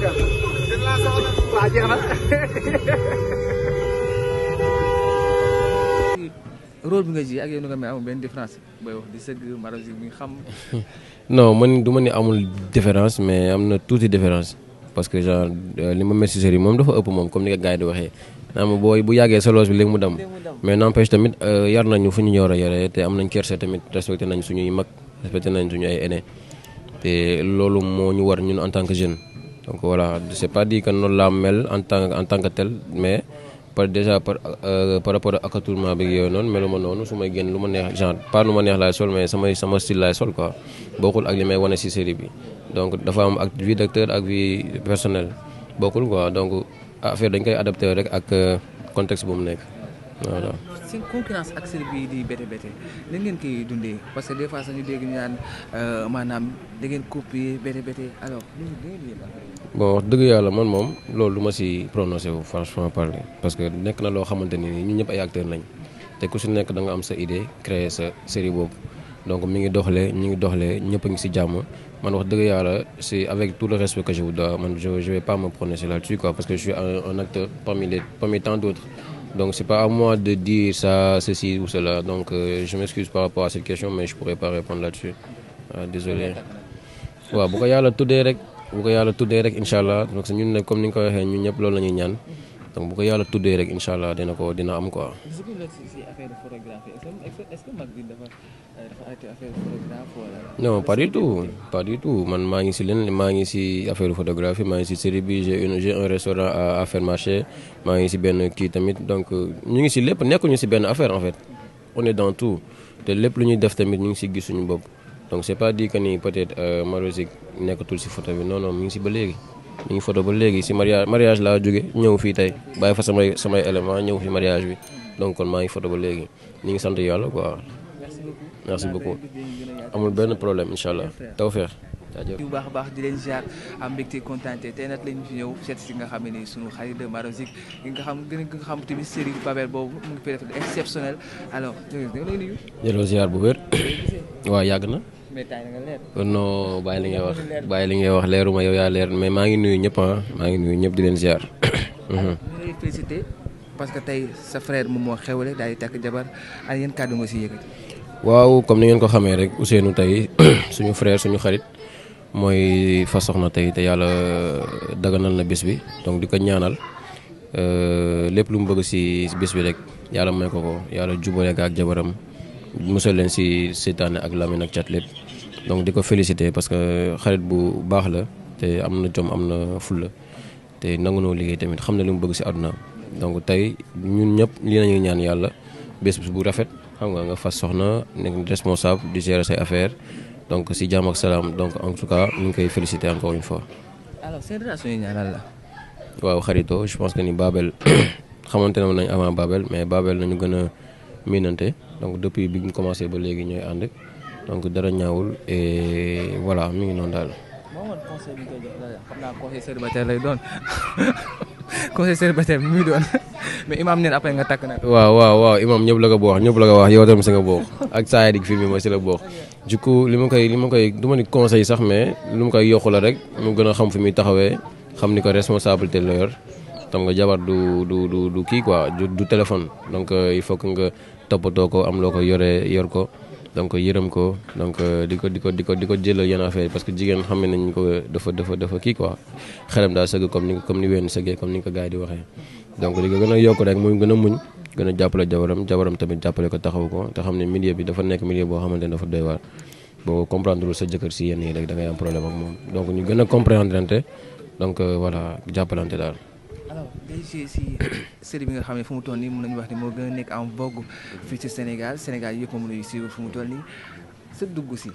waa jeex na. rôle bi nga benn différence booy wax xam. non man du ma ni amul différence mais am na tuuti différence parce que genre euh, li ma mel si moom dafa ëpp moom comme ni ko gars di waxee. naa ma boo bu yàggee sa bi léegi mu dem mais n'empêche tamit euh, yar nañu fu ñu ñëw a yore te am nañ kersa tamit respecté nañ suñuy mag respecté nañ suñu ay aînés te loolu moo ñu war ñun en tant que jeune. donc voilà c'est pas dit que noonu laa mel en tant en tant que tel mais par déjà par euh, par rapport ak accoutrement bi yooyu noonu meluma noonu su may génn lu ma neex genre pas lu ma neex laay sol mais samay sama style laay sol quoi bokkul ak li may wane ci série bi donc dafa am ak vie d'acteur ak vie personnelle bokkul quoi donc affaire dañ koy adapté rek ak euh, context bu mu nekk voilà. seen concurrence ak série bi di bété bété lan ngeen koy dundee parce que des fois sax ñu dégg ñu naan euh, bon wax dëgg yàlla man moom loolu du ma si prononcé wu franchement parce que nekk na loo xamante ni ñun ñëpp ay acteurs lañ te ku si nekk da nga am sa idée créer sa série boobu donc mi ngi doxalee ñu ngi doxalee ñëpp a ngi si jàmm man wax dëgg yàlla c'est avec tout le respect que je vous dois man je je vais pas me prononcer là-dessus quoi parce que je suis un, acteur parmi les parmi tant d'autres donc c'est pas à moi de dire sa ceci ou cela donc euh, je m'excuse par rapport à cette question mais je pourrais bu ko yàlla tuddee rek incha allah donc ñun nag comme ni nga ko waxee ñu ñëpp loolu la ñuy ñaan donc bu ko yàlla tuddee rek incha allah dina ko dina am quoi. non du tout pas du tout man maa ngi si leen maa ngi si affaire photographie maa ngi si série bi j'ai une j'ai un restaurant à marché maa ngi si benn kii tamit donc euh, ñu ngi si lépp nekkuñu si benn affaire en fait on tout te lépp lu ñuy def tamit ñu ngi si gisuñu suñu bopp. donc c'est pas dit que nii peut-être euh, Mario nekkatul si photo bi non non mi ngi si ba léegi mi ngi photo ba léegi si mariage mariage laa jóge ñëw fii tey bàyyi fa samay samay élément ñëw fi mariage bi donc kon maa ngi photo ba léegi ñu ngi sant yàlla quoi. merci beaucoup amul benn problème incha allah tawfeex jaajëf bu baax a baax di leen ziar am mbégte kontaante tey nag lañ fi ñëw seet si nga xam ne nii sunu xarit de Mario Zik nga xam gën a xam tamit série Babel boobu mu ngi fi exceptionnel alors. jëloo bu wér yàgg na. non bàyyi li ngay wax bàyyi li ngay wax leeruma yow yaa leer mais maa ngi nuyu ñëpp ah maa ngi nuyu ñëpp di leen ziar. Mhm. parce que tey sa frère moom moo xewle daal takk jabar ak yéen kàddu waaw comme ni ngeen ko xamee rek Ousseynou tey suñu frère suñu xarit mooy fa tey te yàlla daganal na bis bi donc di ko ñaanal euh, lépp lu mu bëgg si bis bi rek yàlla may ko ko yàlla jubale ak jabaram musal leen si seytaane ak Lamine ak cat lépp. donc di ko féliciter parce que xarit bu baax la te am na jom am na fulla te nangu noo liggéey tamit xam na li mu bëgg ci àdduna donc tey ñun ñëpp lii nañuy ñaan yàlla bés bu rafet xam nga nga fas soxna nekk responsable di gérer say affaire donc si jàmm ak salaam donc en tout cas mu ngi koy féliciter encore une fois. alors seen relation waaw xaritoo je pense que ni Babel xamante ne nañ avant Babel mais Babel nañu gën a miinante donc depuis bi ñu commencé ba léegi ñooy ànd. donc dara ñaawul et voilà mi ngi noonu daal. moo lay doon conseil célibataire bi nga takk nag. waaw waaw waaw imaam ñëpp la ko boox ñëpp la ko wax yow tam si nga boox ak saa yi film bi mooy si la boox du coup li ma koy li ma koy du ma ni conseil sax mais lu ma koy yokku la rek mu gën a xam fi muy taxawee xam ni ko responsabilité la yor tam nga jabar du du du du kii quoi du téléphone donc euh, il faut que nga toppatoo ko am loo ko yore yor ko. donc yërëm ko donc euh, di ko di ko di ko di ko jëlal yenn affaire parce que jigéen xam nañ ko dafa dafa dafa kii quoi xelam daa sëgg comme ni ni wenn sëggee comme ni ko gars yi di waxee donc li ko gën a yokk rek muy gën a muñ gën a jàppale jabaram jabaram tamit jàppale ko taxaw ko te xam ne milieu bi dafa nekk milieu boo xamante ne dafa doy waar boo comprendre sa jëkkër si yenn yi rek da am problème ak moom donc ñu gën a comprendre donc euh, voilà jàppalante daal alors day si série bi nga xam ne fu mu toll nii mën nañu wax ni moo gën a nekk en vogue fii ci Sénégal Sénégal yëpp moom la ñuy suivre fu mu toll nii sa dugg si